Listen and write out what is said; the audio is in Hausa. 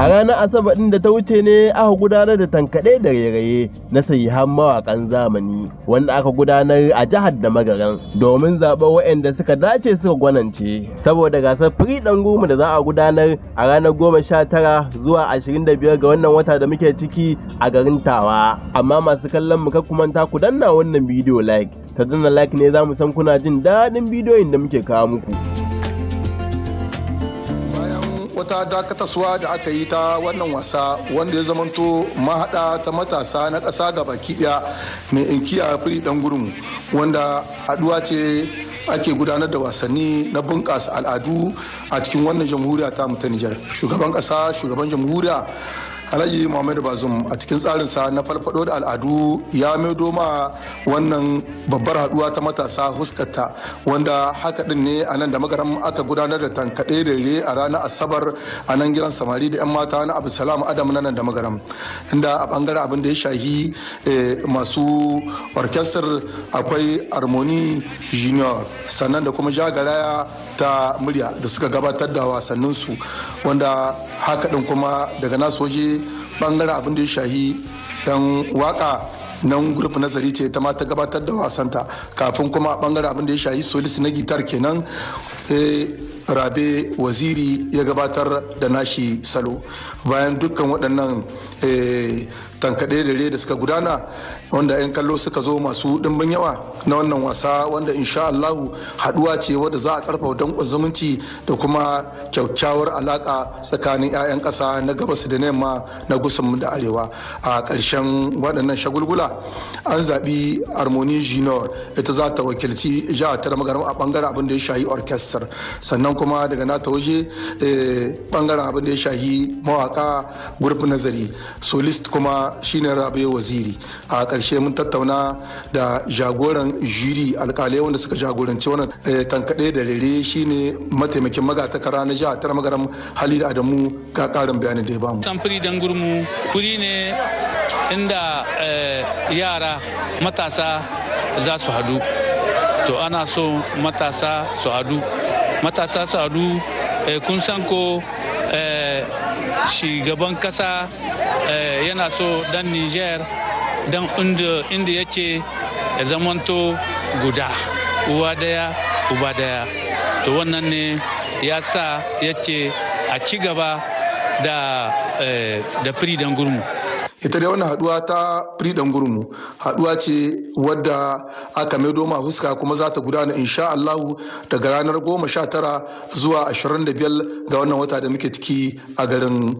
A ranar Asabar ɗin da ta wuce ne aka gudanar da tankaɗe da rairaye na sayihan mawaƙan zamani wanda aka gudanar a jihar da magaran domin zaɓar waɗanda suka dace suka gwanance saboda gasar ɗan goma da za a gudanar a ranar goma sha tara zuwa ashirin da biyar ga wannan wata da muke ciki a garin tawa amma masu kallon mu manta ku danna wannan bidiyo like ta danna like ne za mu san kuna jin daɗin bidiyoyin da muke kawo muku. wata dakatarwa da aka yi ta wannan wasa wanda ya zamanto mahaɗa ta matasa na ƙasa ga baki ɗaya mai inkiya firi ɗan gurmu wanda haɗuwa ce ake gudanar da wasanni na bunƙasa al'adu a cikin wannan jamhuriya ta mu ta Shugaban ƙasa, shugaban jamhuriya alhaji muhammad bazum a cikin tsarinsa na falfado da al'adu ya maido ma wannan babbar haduwa ta matasa huskata wanda haka din ne a nan da magaram aka gudanar da tankaɗe da re a ranar asabar a nan gidan samari da 'yan mata na abu salamu adam na nan da magaram inda a bangaren abin da ya shahi eh, masu orkestar akwai harmony junior sannan da kuma jagaraya ta murya da suka gabatar da wasanninsu wanda haka din kuma daga nasu waje bangaren abin da ya shahi 'yan waka nan grup nazari ce ta mata gabatar da wasanta kafin kuma a bangaren abin da ya shayi solis na gitar kenan eh, rabe waziri ya gabatar da nashi salo bayan dukkan waɗannan eh, tankaɗe da re da suka gudana wanda 'yan kallo suka zo masu ɗimbin yawa na wannan wasa wanda insha Allahu haɗuwa ce wadda za a ƙarfafa danƙon zumunci da kuma kyakkyawar alaƙa tsakanin 'ya'yan ƙasa na gabas da yamma na gusun da arewa a ƙarshen waɗannan shagulgula an zaɓi harmoni junior ita za ta wakilci jihar ta magaram a ɓangaren abin da ya shahi orchestra sannan kuma daga nata waje eh, ɓangaren abin da ya shahi mawaƙa gurbin nazari solist kuma shine rabe waziri a ƙarshe mun tattauna da jagoran jiri alkalai wanda suka jagoranci wannan eh, tankaɗe da rere shine mataimakin magatakara na jihar tara magaram halil adamu ga ƙarin bayanin da ya bamu samfuri dan gurmu kuri ne inda eh, yara matasa za su hadu to ana so matasa su hadu matasa su hadu eh, kun san ko shugaban kasa Eh, yana so dan niger dan inda yake ya zamanto guda uwa daya uba daya to wannan ne ya sa ya ce a ci gaba da eh, da dan gurmu ita dai wannan haduwa ta firidan gurmu haduwa ce wadda aka maido ma huska kuma za ta gudana insha Allahu daga ranar 19 zuwa 25 ga wannan wata da muke ciki a garin